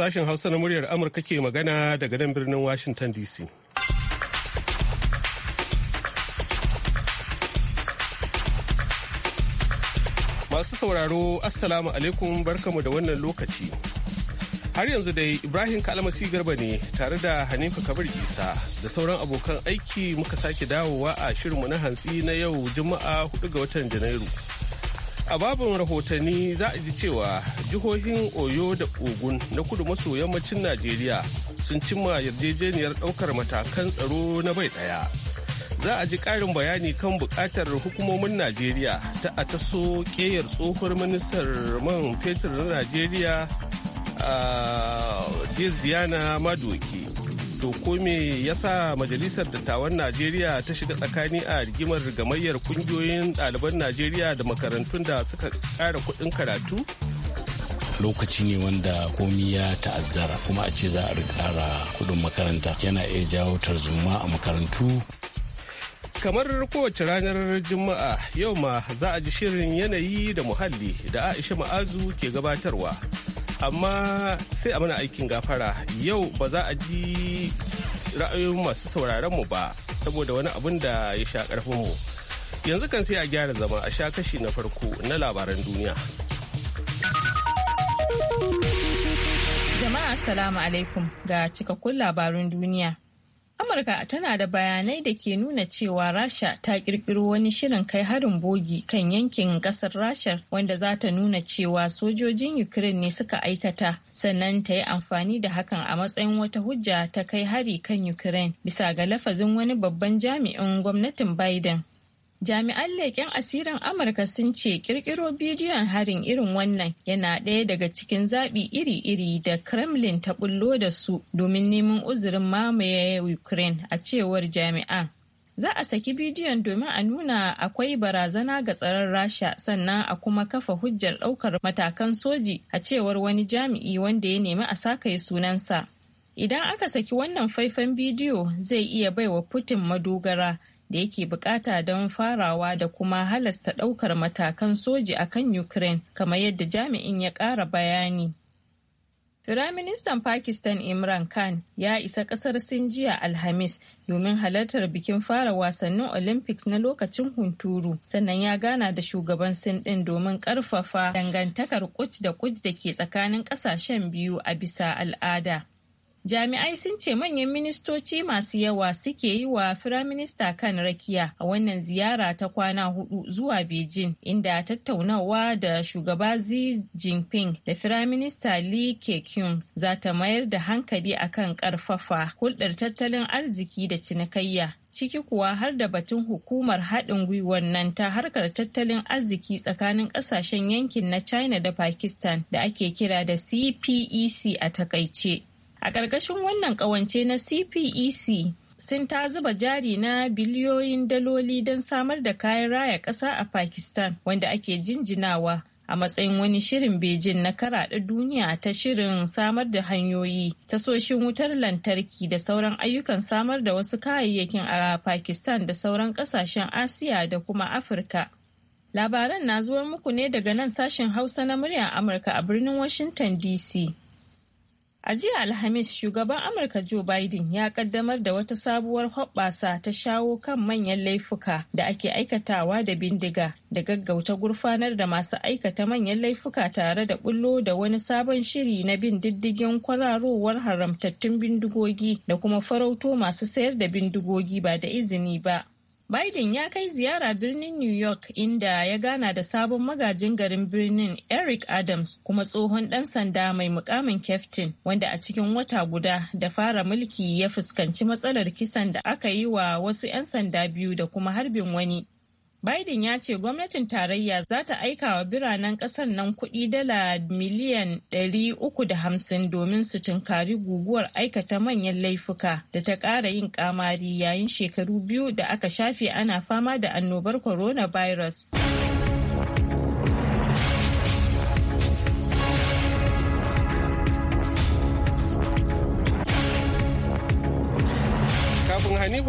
Sashen Hausa na muryar Amurka ke magana daga nan birnin Washington DC. Masu sauraro, Assalamu alaikum barkamu da wannan lokaci. Har yanzu dai Ibrahim Kalmasi Garba ne tare da Hanifa Kabir Isa da sauran abokan aiki muka sake dawowa a shirinmu na hantsi na yau Juma'a 4 ga watan Janairu. a babin rahotanni za a ji cewa jihohin oyo da ogun na kudu maso yammacin najeriya sun cimma yarjejeniyar ɗaukar matakan tsaro na bai ɗaya za a ji ƙarin bayani kan buƙatar hukumomin najeriya ta a taso ƙeyar tsohuwar ministar man fetur na najeriya a ah, ziyana madoki To ko me yasa Majalisar Dattawan Najeriya ta shiga tsakani a rigimar gamayyar kungiyoyin ɗaliban Najeriya da makarantun da suka ƙara kuɗin karatu? lokaci ne wanda komi ya ta'azzara kuma a ce za a ƙara kudin makaranta yana iya jawo tarzoma a makarantu kamar kowace ranar juma'a yau ma za a ji shirin yanayi da muhalli da aisha ma'azu ke gabatarwa amma sai a mana aikin gafara yau ba za a ji ra'ayoyin masu sauraron mu ba saboda wani abin da ya sha karfin mu yanzu kan sai a gyara zama a sha kashi na farko na labaran duniya jama'a assalamu alaikum ga cikakkun labarun duniya amurka tana da bayanai da ke nuna cewa rasha ta kirkiro wani shirin kai harin bogi kan yankin kasar rasha wanda za ta nuna cewa sojojin ukraine ne suka aikata sannan ta yi amfani da hakan a matsayin wata hujja ta kai hari kan ukraine bisa ga lafazin wani babban jami'in gwamnatin biden Jami'an leƙen asirin Amurka sun ce ƙirƙiro bidiyon harin irin wannan yana ɗaya daga cikin zaɓi iri-iri da Kremlin ta bullo da su domin neman uzurin mamaye Ukraine a cewar jami'an. za a saki bidiyon domin a nuna akwai barazana ga tsaron rasha sannan a kuma kafa hujjar ɗaukar matakan soji a cewar wani jami'i wanda ya nemi a sakaye sunansa idan aka saki wannan faifan bidiyo zai iya baiwa putin madogara da yake bukata don farawa da kuma halasta daukar matakan soji a kan ukraine kamar yadda jami'in ya kara bayani Firaministan Pakistan Imran Khan ya isa kasar Sin jiya Alhamis domin halartar bikin fara wasannin Olympics na lokacin hunturu, sannan ya gana da shugaban Sin ɗin domin ƙarfafa dangantakar kuc da kuc da ke tsakanin ƙasashen biyu a bisa al'ada. Jami'ai sun ce manyan ministoci masu yawa suke yi wa Firaminista kan rakiya a wannan ziyara ta kwana hudu zuwa Beijing inda tattaunawa da shugaba Xi Jinping da Firaminista Li Keqiang za ta mayar da hankali akan karfafa hulɗar tattalin arziki da cinikayya ciki kuwa har da batun hukumar haɗin gwiwar nan ta harkar tattalin arziki tsakanin ƙasashen yankin na china da pakistan da ake kira da cpec e a takaice A ƙarƙashin wannan ƙawance na CPEC sun ta zuba jari na biliyoyin daloli don samar da kayan raya ƙasa a Pakistan wanda ake jinjinawa a matsayin wani shirin Bejin na karaɗa duniya ta shirin samar da hanyoyi, tasoshin wutar lantarki da sauran ayyukan samar da wasu kayayyakin a Pakistan da sauran ƙasashen Asiya da kuma Afirka. Labaran na zuwa muku ne daga nan sashen Hausa na muryar Amurka a birnin Washington DC. A jiya Alhamis shugaban Amurka Joe Biden ya kaddamar da wata sabuwar hoɓɓasa ta shawo kan manyan laifuka da ake aikatawa da bindiga da gaggauta gurfanar da masu aikata manyan laifuka tare da bullo da wani sabon shiri na bin diddigin kwararowar haramtattun bindigogi da kuma farauto masu sayar da bindigogi ba da izini ba. Biden ya kai ziyara birnin New York inda ya gana da sabon magajin garin birnin Eric Adams kuma tsohon ɗan sanda mai mukamin kyaftin wanda a cikin wata guda da fara mulki ya fuskanci matsalar kisan da aka yi wa wasu 'yan sanda biyu da kuma harbin wani Biden ya ce gwamnatin tarayya za ta aika wa biranen ƙasar nan kuɗi dala miliyan 350 domin su tunkari guguwar aikata manyan laifuka da ta ƙara yin kamari yayin shekaru biyu da aka shafe ana fama da annobar coronavirus.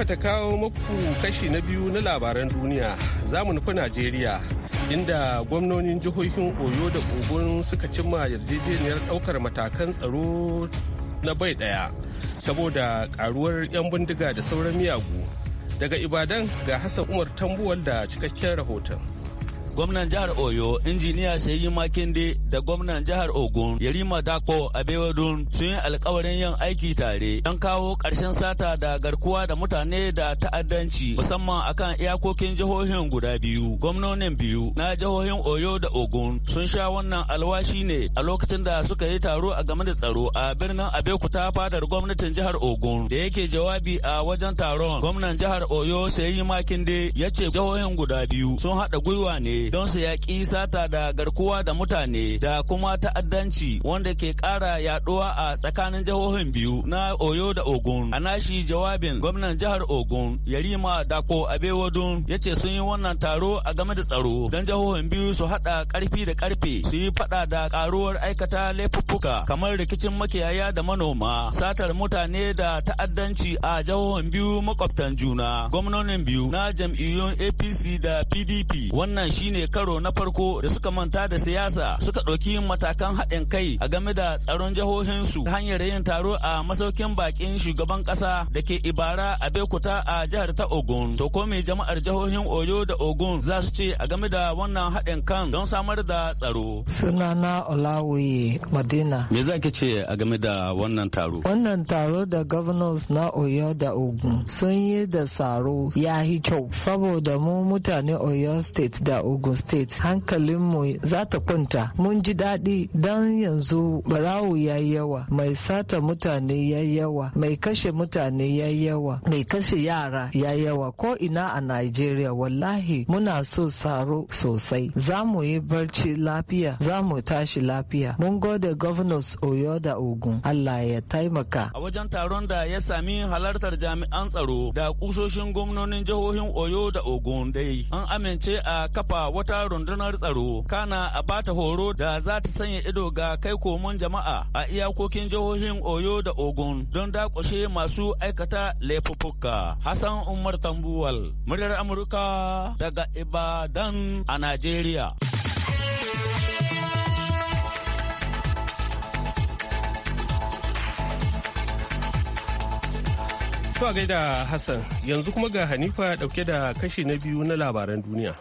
kafa ta kawo muku kashi na biyu na labaran duniya za mu nufi najeriya inda gwamnonin jihohin oyo da ogun suka cimma yarjejeniyar ɗaukar matakan tsaro na bai ɗaya saboda ƙaruwar 'yan bindiga da sauran miyagu daga ibadan ga hassan umar tambuwal da cikakken rahoton gwamnan jihar oyo injiniya sayi makinde da gwamnan jihar ogun yarima dako abewodun sun yi alkawarin yin aiki tare don kawo ƙarshen sata da garkuwa da mutane da ta'addanci musamman akan iyakokin jihohin guda biyu gwamnonin biyu na jihohin oyo da ogun sun sha wannan alwashi ne a lokacin da suka yi taro a game da tsaro a birnin abeokuta fadar gwamnatin jihar ogun da yake jawabi a wajen taron gwamnan jihar oyo sayi makinde ya ce jihohin guda biyu sun haɗa gwiwa ne don su yaƙi sata da garkuwa da mutane da kuma ta'addanci wanda ke ƙara yaɗuwa a tsakanin jihohin biyu na Oyo da Ogun. A nashi jawabin gwamnan jihar Ogun Yarima Dako Abewodun ya ce sun yi wannan taro a game da tsaro don jihohin biyu su haɗa ƙarfi da ƙarfe su yi faɗa da ƙaruwar aikata laifuffuka kamar rikicin makiyaya da manoma satar mutane da ta'addanci a jihohin biyu makwabtan juna gwamnonin biyu na jam'iyyun APC da PDP wannan shi shine karo na farko da suka manta da siyasa suka ɗauki matakan haɗin kai a game da tsaron jihohinsu ta hanyar yin taro a masaukin bakin shugaban ƙasa da ke ibara a bekuta a jihar ta ogun to ko me jama'ar jihohin oyo da ogun za su ce a game da wannan haɗin kan don samar da tsaro sunana olawi madina me za ki ce a game da wannan taro wannan taro da governors na oyo da ogun sun yi da tsaro ya yi kyau saboda mu mutane oyo state da ogun ogun state hankalinmu za ta kwanta mun ji daɗi don yanzu barawo ya yawa mai sata mutane ya yawa mai kashe mutane ya yawa mai kashe yara ya yawa ko ina a Najeriya? wallahi muna so saro sosai za mu yi barci lafiya za mu tashi lafiya mun gode governors oyo da ogun allah ya taimaka a wajen taron da ya sami halartar jami'an tsaro da kusoshin gwamnonin jihohin oyo da ogun dai an amince a kafa wata rundunar tsaro kana a bata horo da za ta sanya ido ga kai komon jama'a a iyakokin jihohin oyo da ogun don dakushe masu aikata laifuffuka hassan umar tambuwal muryar amurka daga ibadan a najeriya To gaida Hassan yanzu kuma ga Hanifa dauke da kashi na biyu na labaran duniya.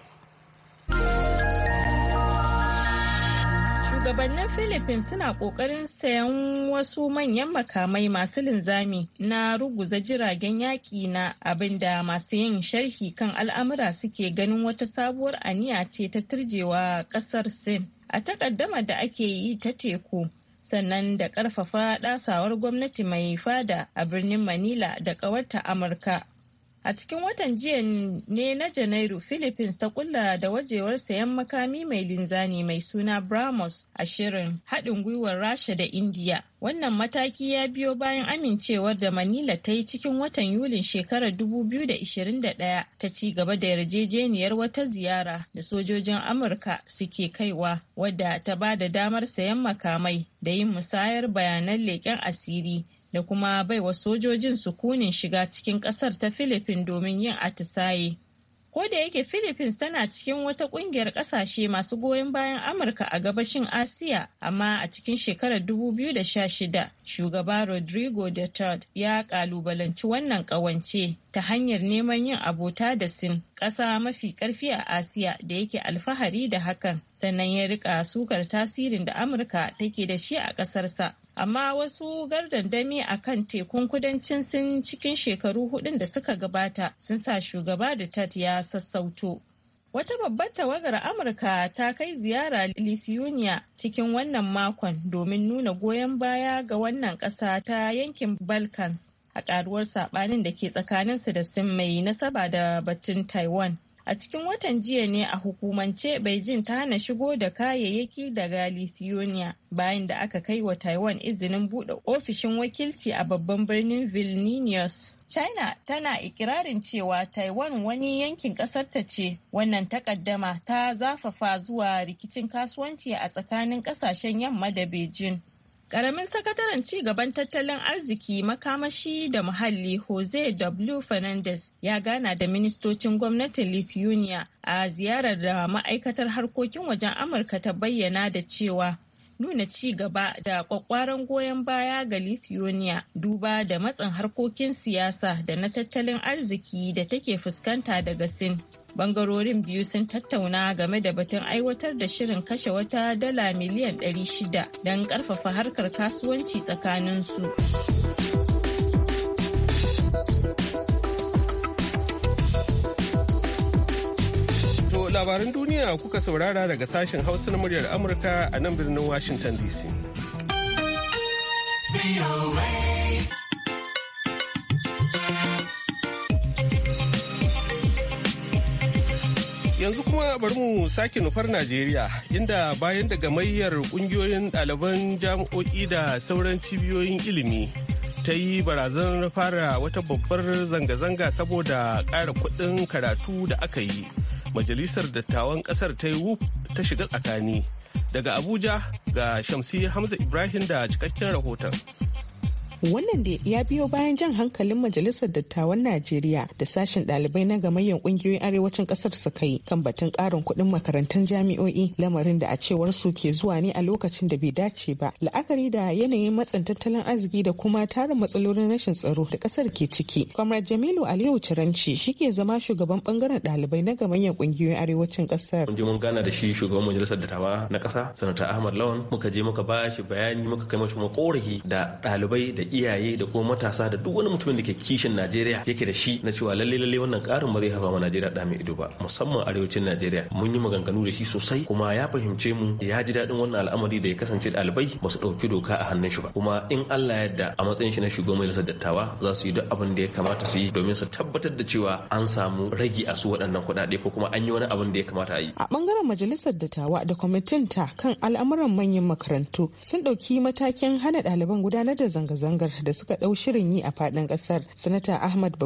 shugabannin philippines suna kokarin sayan wasu manyan makamai masu linzami na ruguza jiragen yaƙi na abinda masu yin sharhi kan al'amura suke ganin wata sabuwar aniya ce ta turjewa ƙasar sin a takaddama da ake yi ta teku sannan da ƙarfafa ɗasawar gwamnati mai fada a birnin manila da ƙawarta amurka A cikin watan jiya ne na Janairu, Philippines ta kulla da wajewar sayan makami mai linzani mai suna Brahmos a shirin haɗin gwiwar Rasha da Indiya. Wannan mataki ya biyo bayan amincewar da Manila ta yi cikin watan Yulin shekarar 2021 ta ci gaba da yarjejeniyar wata ziyara da sojojin Amurka suke kaiwa wadda ta ba da damar sayan makamai da yin musayar bayanan leƙen asiri da kuma bai wa sojojin sukunin shiga cikin kasar ta Philippines domin yin atisaye. Ko da yake Philippines tana cikin wata kungiyar kasashe masu goyon bayan Amurka a gabashin Asiya, amma a cikin shekarar 2016 shugaba rodrigo duterte ya kalubalanci wannan kawance ta hanyar neman yin abota da sin ƙasa mafi ƙarfi a asiya da yake alfahari da hakan sannan ya rika sukar tasirin da amurka take da shi a ƙasarsa amma wasu gardandami a kan tekun kudancin sun cikin shekaru hudun da suka gabata sun sa shugaba da tat ya sassauto Wata babbar tawagar Amurka ta kai ziyara Lithuania cikin wannan makon domin nuna goyon baya ga wannan ƙasa ta yankin Balkans a ƙaruwar saɓanin da ke tsakaninsu da sin mai nasaba da batun Taiwan. a cikin watan jiya ne a hukumance beijing ta hana shigo da kayayyaki daga lithuania bayan da aka kai wa taiwan izinin buɗe ofishin wakilci a babban birnin vilnius china tana ikirarin cewa taiwan wani yankin ƙasarta ce wannan takaddama ta zafafa zuwa rikicin kasuwanci a tsakanin ƙasashen yamma da beijing Karamin sakataren ci gaban tattalin arziki makamashi da muhalli Jose W. Fernandez ya gana da ministocin gwamnatin Lithuania a ziyarar da ma'aikatar harkokin wajen Amurka ta bayyana da cewa nuna ci gaba da kwakwaran goyon baya ga Lithuania duba da matsin harkokin siyasa da na tattalin arziki da take fuskanta daga Sin. Bangarorin biyu sun tattauna game da batun aiwatar da shirin kashe wata dala miliyan 600 don karfafa harkar kasuwanci tsakanin tsakaninsu. Labaran duniya kuka saurara daga sashen hausa na muryar Amurka a nan birnin Washington DC. yanzu kuma bari mu sake nufar najeriya inda bayan da gamayyar kungiyoyin ɗaliban jami'o'i da sauran cibiyoyin ilimi ta yi barazanar fara wata babbar zanga-zanga saboda ƙara kuɗin karatu da aka yi majalisar dattawan ƙasar ta yi ta shiga tsakani daga abuja ga shamsi hamza ibrahim da cikakken rahoton Wannan da ya biyo bayan jan hankalin Majalisar Dattawan Najeriya da sashen ɗalibai na gamayyar ƙungiyoyin arewacin kasar suka yi kan batun karin kuɗin makarantun jami'o'i lamarin da a cewar su ke zuwa ne a lokacin da bai dace ba. La'akari da yanayin matsin tattalin arziki da kuma tarin matsalolin rashin tsaro da kasar ke ciki. comrade Jamilu Aliyu Ciranci shi ke zama shugaban bangaren ɗalibai na gamayyar ƙungiyoyin arewacin ƙasar. Mun je mun gana da shi shugaban Majalisar Dattawa na ƙasa, Sanata Ahmad Lawan, muka je muka ba shi bayani muka kai mashi kuma da ɗalibai da iyaye da kuma matasa da duk wani mutumin da ke kishin Najeriya yake da shi na cewa lalle lalle wannan karin ba zai hafa ma Najeriya da mai ido ba musamman arewacin Najeriya mun yi maganganu da shi sosai kuma ya fahimce mu ya ji daɗin wannan al'amari da ya kasance ɗalibai ba su ɗauki doka a hannun shi ba kuma in Allah ya yarda a matsayin shi na shugaban majalisar dattawa za su yi duk abin da ya kamata su yi domin su tabbatar da cewa an samu ragi a su waɗannan kuɗaɗe ko kuma an yi wani abin da ya kamata a yi. A ɓangaren majalisar dattawa da kwamitin ta kan al'amuran manyan makarantu sun ɗauki matakin hana ɗaliban gudanar da zanga-zanga zanga da suka ɗau shirin yi a faɗin ƙasar. Sanata Ahmad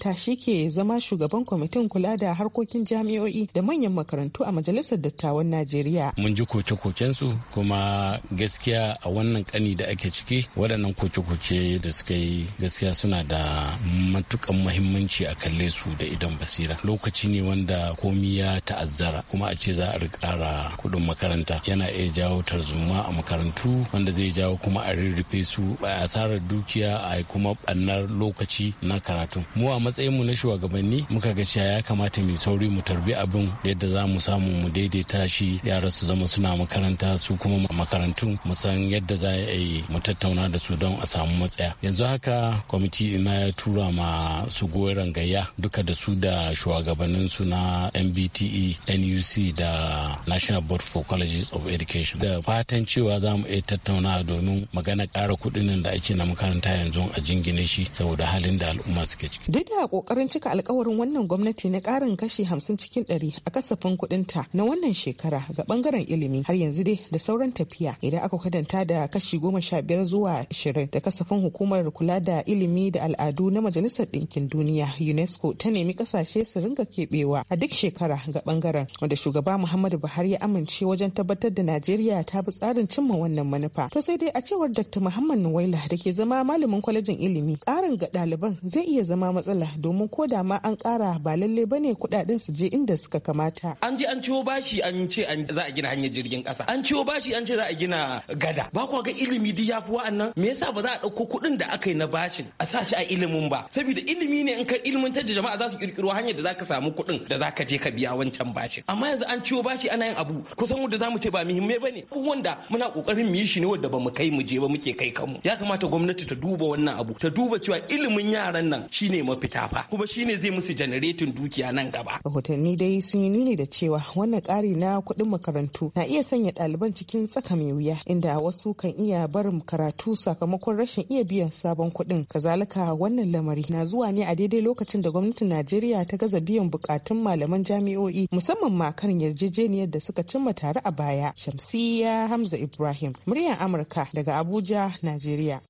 ta shi ke zama shugaban kwamitin kula da harkokin jami'o'i da manyan makarantu a Majalisar Dattawan Najeriya. Mun ji koke koken su kuma gaskiya a wannan kani da ake ciki waɗannan koke-koke da suka yi gaskiya suna da matukan muhimmanci a kalle su da idan basira. Lokaci ne wanda komi ya ta'azzara kuma a ce za a ƙara kuɗin makaranta yana iya jawo tarzuma a makarantu wanda zai jawo kuma a rirrife su a asarar dukiya a kuma bannar lokaci na karatu mu a matsayin mu na shugabanni muka ga cewa ya kamata mai sauri mu tarbi abin yadda za mu samu mu daidaita shi yara su zama suna makaranta su kuma makarantu mu san yadda za a yi mu tattauna da su don a samu matsaya yanzu haka kwamiti na ya tura ma su goyon gayya duka da su da shugabannin su na mbte nuc da national board for colleges of education da fatan cewa za mu iya tattauna domin magana ƙara kuɗin da ake na makaranta yanzu a jingine shi saboda halin da al'umma suke ciki. Duk da kokarin cika alkawarin wannan gwamnati na karin kashi hamsin cikin ɗari a kasafin kuɗinta na wannan shekara ga bangaren ilimi har yanzu dai da sauran tafiya idan aka kadanta da kashi goma sha biyar zuwa ashirin da kasafin hukumar kula da ilimi da al'adu na majalisar ɗinkin duniya UNESCO ta nemi kasashe su ringa keɓewa a duk shekara ga bangaren wanda shugaba Muhammadu Buhari ya amince wajen tabbatar da Najeriya ta bi tsarin cimma wannan manufa. To sai dai a cewar Dr. Muhammad Nuwaila da ke zama malamin kwalejin ilimi ƙarin ga ɗaliban zai iya zama matsala domin ko da ma an ƙara ba lalle bane kuɗaɗen su je inda suka kamata. An je an ciwo bashi an ce za a gina hanyar jirgin ƙasa. An ciwo bashi an ce za a gina gada. Ba kwa ga ilimi duk ya fi wa'annan. Me yasa ba za a ɗauko kuɗin da aka yi na bashin a sa shi a ilimin ba? Saboda ilimi ne in ka ilmantar da jama'a za su ƙirƙiro hanyar da za ka samu kuɗin da za ka je ka biya wancan bashin. Amma yanzu an ciwo bashi ana yin abu kusan wanda za mu ce ba muhimmai ba ne. Abubuwan da muna ƙoƙarin mu yi shi ne wanda ba mu kai mu je ba muke kai kanmu. Ya kamata gwamnati gwamnati ta duba wannan abu ta duba cewa ilimin yaran nan shine mafita fa kuma shine zai musu janaretin dukiya nan gaba rahotanni dai sun yi nuni da cewa wannan ƙari na kuɗin makarantu na iya sanya ɗaliban cikin tsaka mai wuya inda wasu kan iya barin karatu sakamakon rashin iya biyan sabon kuɗin kazalika wannan lamari na zuwa ne a daidai lokacin da gwamnatin najeriya ta gaza biyan bukatun malaman jami'o'i musamman ma kan yarjejeniyar da suka cimma tare a baya shamsiya hamza ibrahim muryar amurka daga abuja najeriya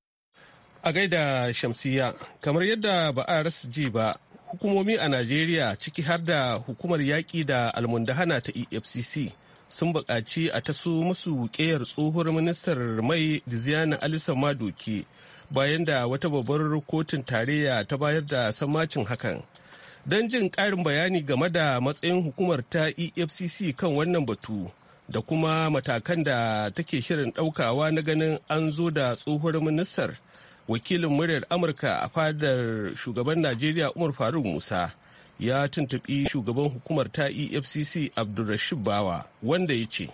A gaida Shamsiya, kamar yadda ba a rasa ji ba, hukumomi a Najeriya ciki har da hukumar yaƙi da almundahana ta EFCC sun buƙaci a taso musu ƙeyar tsohuwar ministar mai Ali Alisa Madoke bayan da wata babbar kotun tarayya ta bayar da sammacin hakan. Don jin ƙarin bayani game da matsayin hukumar ta EFCC kan wannan batu da kuma matakan da take shirin ɗaukawa na ganin an zo da tsohuwar ministar. wakilin muryar amurka a fadar shugaban najeriya umar faruk musa ya tuntubi shugaban hukumar ta efcc abdulrashid bawa wanda ya ce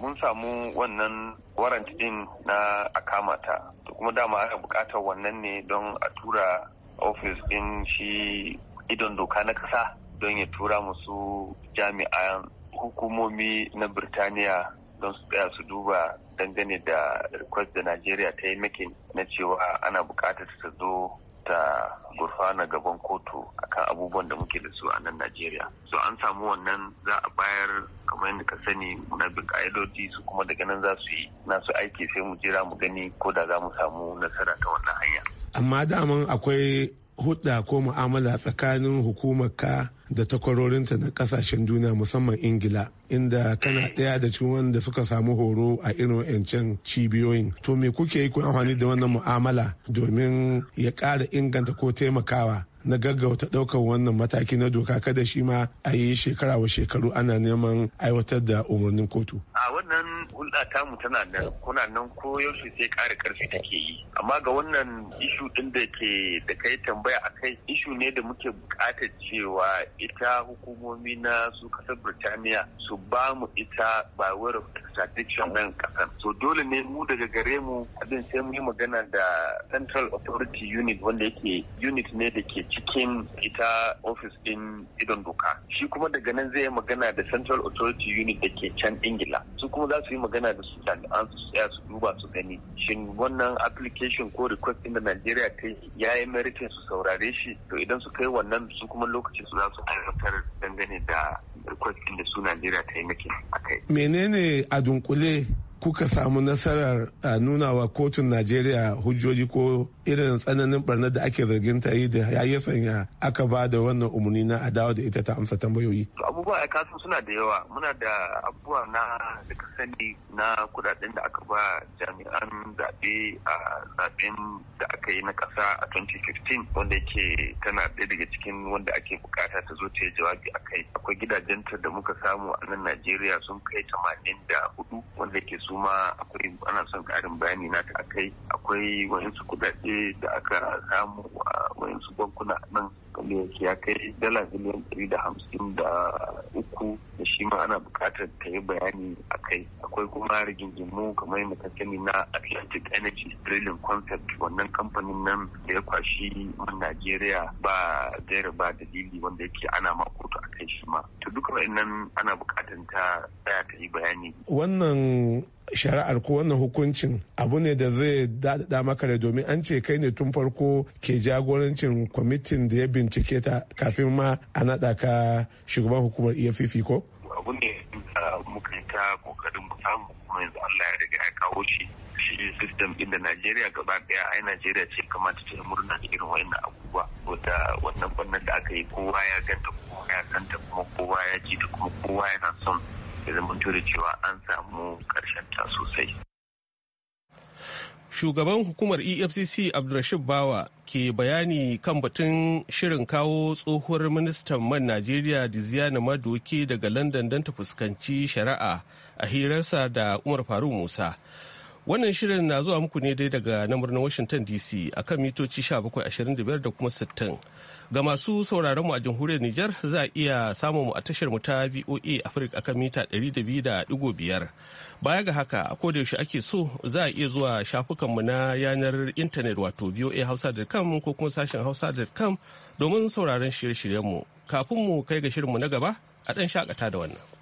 mun samu wannan warrant din na akamata kuma dama aka bukatar wannan ne don a tura ofis din shi idon doka na kasa don ya tura musu jami'an hukumomi na birtaniya don su tsaya su duba dangane da request da najeriya ta yi maki na cewa ana bukatar ta zo ta gurfana gaban kotu akan abubuwan da muke da su a nan najeriya so an samu wannan za a bayar kamar yadda ka sani na bi ka'idoji su kuma daga nan za su yi su aiki sai mu jira mu gani ko da za mu samu nasara ta wannan hanya amma daman akwai hudda ko mu'amala tsakanin hukumar ka da takwarorinta na kasashen duniya musamman ingila inda kana daya da cikin wanda suka samu horo a irin wancan cibiyoyin to me kuke yi kun amfani da wannan mu'amala domin ya ƙara inganta ko taimakawa na gaggauta ɗaukar wannan mataki na doka kada shi ma a yi shekara wa shekaru ana neman aiwatar da umarnin kotu. A wannan hulɗa mu tana nan kuna nan ko yaushe sai ƙara ƙarfi take yi. Amma ga wannan ishu ɗin da ke da kai tambaya a kai ishu ne da muke buƙatar cewa ita hukumomi na su ƙasar Birtaniya su ba mu ita ba wayar extradition nan ƙasar. So dole ne mu daga gare mu abin sai mu yi magana da Central Authority Unit wanda yake unit ne da ke cikin ita ofis din idon doka shi kuma daga nan zai yi magana da central authority unit da ke can ingila su kuma za su yi magana da su jami'an su tsaya su duba su gani shin wannan application ko request din da nigeria ta yi ya yi meritin su saurare shi to idan su kai wannan su kuma lokacin su za su aiwatar dangane da request din da su nigeria ta yi maki akai menene adunkule. kuka samu nasarar nuna wa kotun najeriya hujjoji ko irin tsananin barna da ake zargin ta yi da ya sanya aka ba da wannan umarni na adawa da ita ta amsa tambayoyi abubuwa ya kasu suna da yawa muna da abubuwa na da ka sani na kudaden da aka ba jami'an zaɓe a zaɓen da aka yi na ƙasa a 2015 wanda yake tana ɗaya daga cikin wanda ake bukata ta zo ta yi jawabi a kai akwai gidajen da muka samu a nan najeriya sun kai tamanin da hudu wanda ke su su ma akwai ana son karin bayani na ta akai akwai wayansu kudade da aka samu a wayansu bankuna nan kamar ya kai dala miliyan ɗari da hamsin da uku da shi ma ana buƙatar ta yi bayani a kai akwai kuma rigingimu kamar yadda ka sani na atlantic energy drilling concept wannan kamfanin nan da ya kwashi man najeriya ba zai ba dalili wanda yake ana ma kotu kai shi ma to duka wa'annan ana bukatan ta tsaya ta yi bayani wannan shari'ar ko wannan hukuncin abu ne da zai dada maka da domin an ce kai ne tun farko ke jagorancin kwamitin da ya bincike ta kafin ma a naɗa ka shugaban hukumar efcc ko abu ne da muka yi ta kokarin samu kuma yanzu Allah ya riga ya kawo shi shi system din da Najeriya gaba daya ai Najeriya ce kamata ta murna da irin wayannan abubuwa wanda wannan bannan da aka yi kowa ya ganta kowa ya santa kuma kowa ya ji ta kuma kowa yana son ya zama da cewa an samu karshen ta sosai shugaban hukumar efcc abdulrashid bawa ke bayani kan batun shirin kawo tsohuwar ministan man najeriya diziana madoke daga london don ta fuskanci shari'a a hirarsa da umar faruk musa Wannan shirin na zuwa muku ne dai daga nan birnin Washington DC akan mitoci 1725 da kuma 60. Ga masu sauraron mu a jamhuriyar Nijar za a iya samun mu a tashar mu ta VOA Africa akan mita 200.5. Baya ga haka a koda yaushe ake so za a iya zuwa shafukanmu na yanar intanet wato voahausa.com ko kuma sashen hausa.com domin sauraron shirye-shiryenmu. Kafin mu kai ga shirinmu na gaba a ɗan shakata da wannan.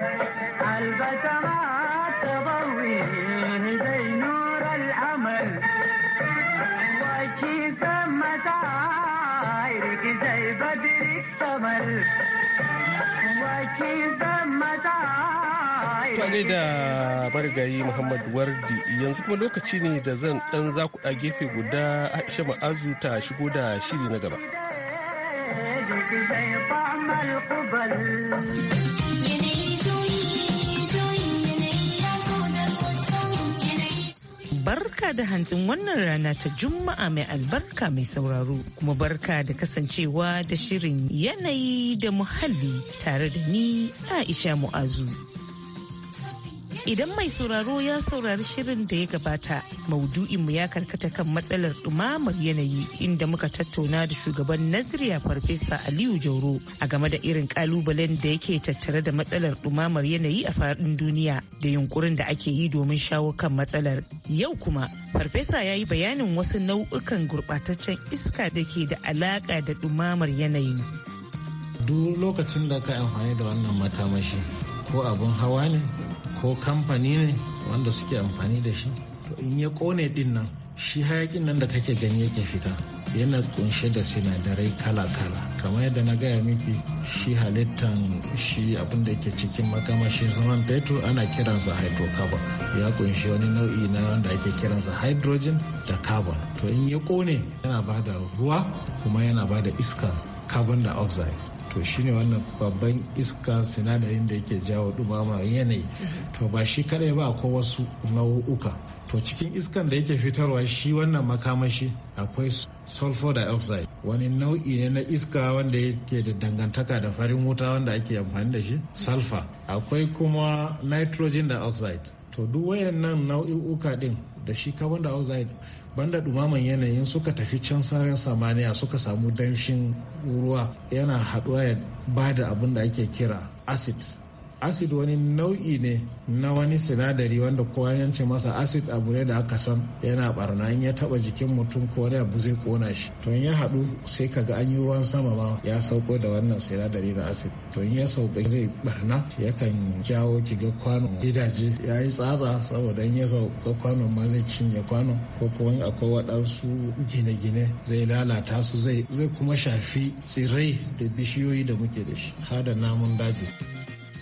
البس ما تضويه زي نور زي بدر الثمر da marigayi Muhammad Wardi yanzu kuma lokaci ne da zan dan ku gefe guda Aisha Ma'azu ta shigo da shiri na gaba. barka da hantsin wannan rana ta Juma'a mai albarka mai sauraro kuma barka da kasancewa da shirin yanayi da muhalli tare da ni Aisha Mu'azu. Idan mai sauraro ya saurari shirin da ya gabata, maudu'inmu ya karkata kan matsalar ɗumamar yanayi inda muka tattauna da shugaban Naziriya Farfesa Aliyu Jauro a game da irin ƙalubalen da yake tattare da matsalar ɗumamar yanayi a faɗin duniya da yunkurin da ake yi domin shawo kan matsalar. Yau kuma, Farfesa ya yi bayanin wasu nau'ukan gurbataccen iska da ke da alaƙa da ɗumamar yanayin. Duk lokacin da ka amfani da wannan matamashi ko abin hawa ne ko kamfani ne wanda suke amfani da shi to in ya kone din nan shi hayakin nan da kake gani yake fita yana kunshe da sinadarai kala-kala kamar yadda na gaya miki shi halittan shi abin da ke cikin makamashin zaman fetur ana kiransa hydrocarbon ya kunshi wani nau'i na wanda ake kiransa hydrogen da carbon to in ya kone yana bada ruwa kuma yana ba da iska carbon dioxide to shine wannan babban iska sinadarin da yake jawo dumamar yanayi to ba shi kadai ba ko wasu nau'uka to cikin iskan da yake fitarwa shi wannan makamashi akwai sulfur dioxide wani nau'i ne na iska wanda yake da dangantaka da farin wuta wanda ake amfani da shi sulfur akwai kuma nitrogen dioxide to duk wayannan nau'i'uka din da shi carbon dioxide banda dumaman yanayin suka tafi can sararin samaniya suka samu danshin ruwa yana haɗuwa ya ba da abin da ake kira acid acid wani nau'i ne na wani sinadari wanda kowa yance masa acid abu ne da aka san yana barna in ya taba jikin mutum ko wani abu zai kona shi to in ya haɗu sai kaga an yi ruwan sama ma ya sauko da wannan sinadari na acid to in ya sauka zai barna yakan jawo kiga kwanon gidaje ya yi tsatsa saboda in ya sauka kwanon ma zai cinye kwano. ko kuma akwai waɗansu gine-gine zai lalata su zai kuma shafi tsirrai da bishiyoyi da muke da shi har da namun daji.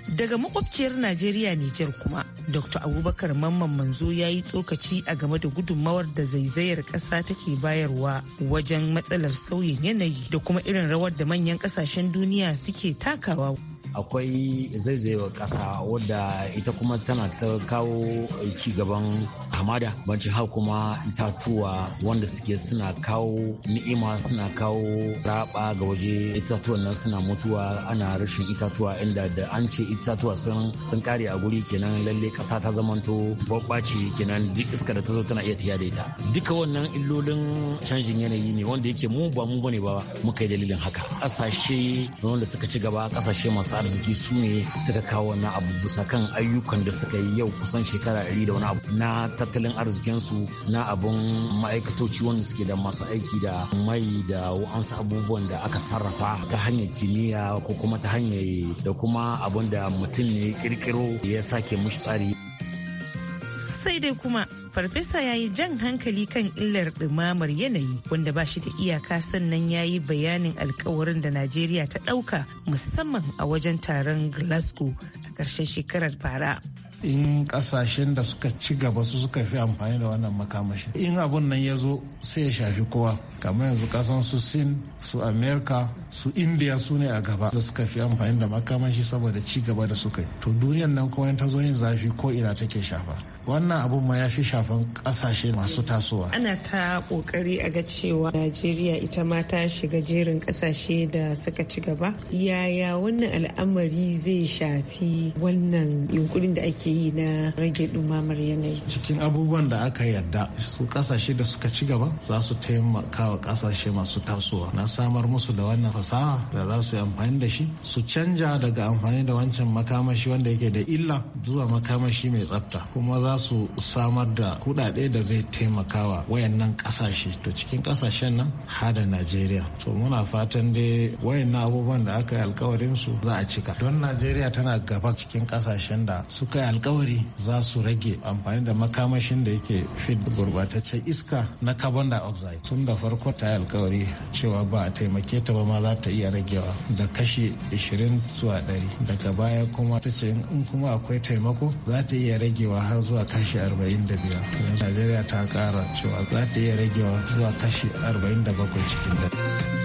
Daga makwabciyar Najeriya Nijar kuma, Dr. Abubakar Mamman Manzo ya yi tsokaci a game da gudunmawar da zaizayar ƙasa take bayarwa wajen matsalar sauyin yanayi da kuma irin rawar da manyan ƙasashen duniya suke takawa akwai zaizayewar ƙasa wadda ita kuma tana ta kawo ci gaban hamada bancin har kuma itatuwa wanda suke suna kawo ni'ima suna kawo raba ga waje itatuwan nan suna mutuwa ana rashin itatuwa inda da an ce itatuwa sun kare a guri kenan lalle ƙasa ta zamanto babbaci kenan duk iska da ta zo tana iya tiya da ita duka wannan illolin canjin yanayi ne wanda yake mu ba mu bane ba muka yi dalilin haka ƙasashe wanda suka ci gaba ƙasashe masu arziki su ne suka kawo wannan abu bisa kan ayyukan da suka yi yau kusan shekara ɗari da wani abu na tattalin arzikinsu na abun ma'aikatoci wanda suke da masu aiki da mai da wa'ansu abubuwan da aka sarrafa ta hanyar kimiyya ko kuma ta hanyar da kuma abun da mutum ne kirkiro ya sake mushi tsari sai dai kuma farfesa ya yi jan hankali kan illar ɗumamar yanayi wanda ba shi da iyaka sannan ya yi bayanin alkawarin da najeriya ta ɗauka musamman a wajen taron glasgow a ƙarshen shekarar fara. in kasashen da suka ci gaba su suka fi amfani da wannan makamashi in abun nan ya zo sai ya shafi kowa kamar yanzu kasan su sin su america su india su ne a gaba da suka fi amfani da makamashi saboda ci gaba da suka yi to duniyan nan kuma ta zo yin zafi ko ina take shafa wannan abun ma ya fi shafan kasashe masu tasowa ana ta kokari a ga cewa najeriya ita ma ta shiga jerin kasashe da suka ci gaba yaya wannan al'amari zai shafi wannan yunkurin da ake yi na rage dumamar yanayi cikin abubuwan da aka yarda su kasashe da suka ci gaba za su taimaka wa kasashe masu tasowa na samar musu da wannan fasaha da za su yi amfani da shi su canja daga amfani da wancan makamashi wanda yake da illa zuwa makamashi mai tsafta kuma za su samar da kudade da zai taimakawa wayannan kasashe to cikin kasashen nan hada najeriya to muna fatan dai wayannan abubuwan da aka yi alkawarin su za a cika don najeriya tana gaba cikin kasashen da suka yi alkawari za su rage amfani da makamashin da yake fit gurbataccen iska na carbon dioxide tun da farko ta yi alkawari cewa ba a taimake ta ba ma za ta iya ragewa da kashi 20 zuwa 100 daga baya kuma ta ce in kuma akwai taimako za ta iya ragewa har zuwa kashi 45 yanzu najeriya ta kara cewa za ta iya ragewa zuwa kashi 47 cikin dare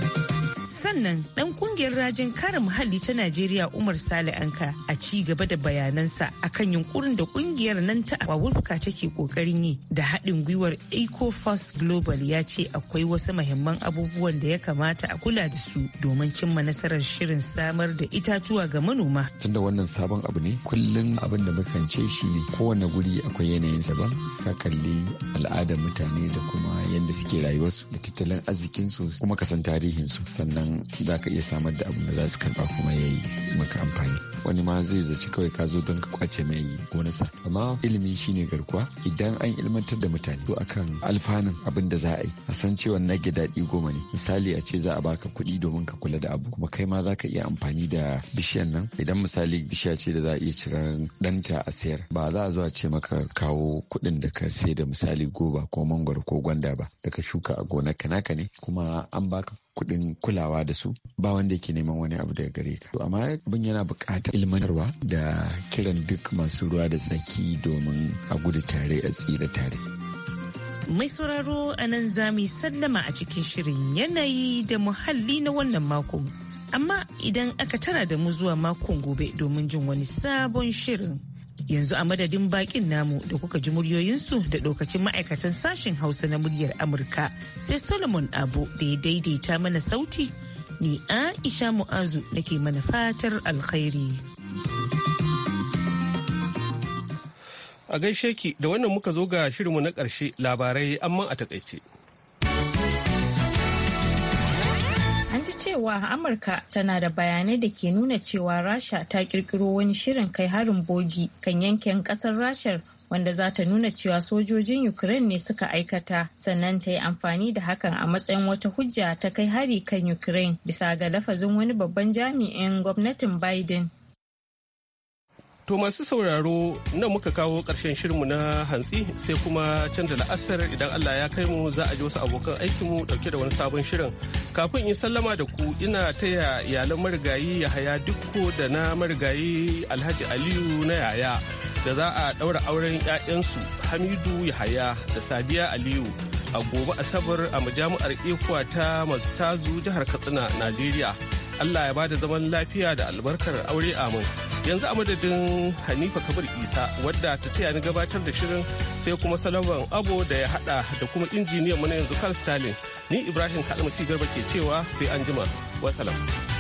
sannan dan kungiyar rajin kare muhalli ta najeriya umar sale anka a ci gaba da bayanansa akan yunkurin da kungiyar nan ta wawurka take kokarin yi da haɗin gwiwar ecofast global ya ce akwai wasu mahimman abubuwan da ya kamata a kula da su domin cimma nasarar shirin samar da itatuwa ga manoma tunda wannan sabon abu ne kullum abin da mukan ce shi ne kowane guri akwai yanayin ba? ka kalli al'adar mutane da kuma yadda suke rayuwarsu da tattalin arzikinsu kuma kasan tarihinsu sannan nan um, za ka iya samar da abin da za su karba kuma ya yi maka amfani wani ma zai zaci kawai ka zo don ka kwace mai gonarsa amma ilimi shine garkuwa idan an ilmantar da mutane to akan alfanun abin da za a yi a san cewa gida daɗi goma ne misali a ce za a baka kuɗi domin ka kula da abu kuma kai ma za ka iya amfani da bishiyar nan idan misali bishiya ce da za a iya cira ɗanta a sayar ba za a zo a ce maka kawo kuɗin da ka sai da misali goba ko mangwaro ko gwanda ba da ka shuka a gonar ka naka ne kuma an baka kuɗin kulawa da su ba wanda ke neman wani abu daga gare ka amma abin yana buƙatar ilmantarwa da kiran duk masu ruwa da tsaki domin a gudu tare a tsira tare mai sauraro a nan za mu sallama a cikin shirin yanayi da muhalli na wannan makon amma idan aka tara da mu zuwa makon gobe domin jin wani sabon shirin yanzu a madadin bakin namu da kuka ji muryoyinsu da lokacin ma'aikatan sashen hausa na muryar amurka sai solomon abu da ya daidaita mana sauti ni aisha mu'azu nake mana fatar alkhairi a gaishe ki da wannan muka zo ga shirinmu na ƙarshe labarai amma a takaice. cewa Amurka tana da bayanai da ke nuna cewa Rasha ta kirkiro wani shirin kai harin bogi kan yankin kasar Rashar wanda za ta nuna cewa sojojin Ukraine ne suka aikata sannan ta yi amfani da hakan a matsayin wata hujja ta kai hari kan Ukraine bisa ga lafazin wani babban jami'in gwamnatin Biden. To masu sauraro nan muka kawo ƙarshen shirinmu na hantsi sai kuma can da la'asar idan Allah ya kai mu za a ji wasu abokan aikinmu ɗauke da wani sabon shirin. Kafin in sallama da ku ina taya iyalan marigayi Yahaya Dukko da na marigayi Alhaji Aliyu na Yaya da za a ɗaura auren 'ya'yansu Hamidu Yahaya da Sadiya Aliyu a gobe Asabar a majami'ar Ekuwa ta Mazutazu jihar Katsina, Najeriya. Allah ya bada zaman lafiya da albarkar aure amin. yanzu a madadin hanifa kabir isa wadda ta taya ni gabatar da shirin sai kuma salaman abo da ya hada da kuma injiniyan mu na yanzu karl stalin ni ibrahim kalmasi garba ke cewa sai an jima wasalam.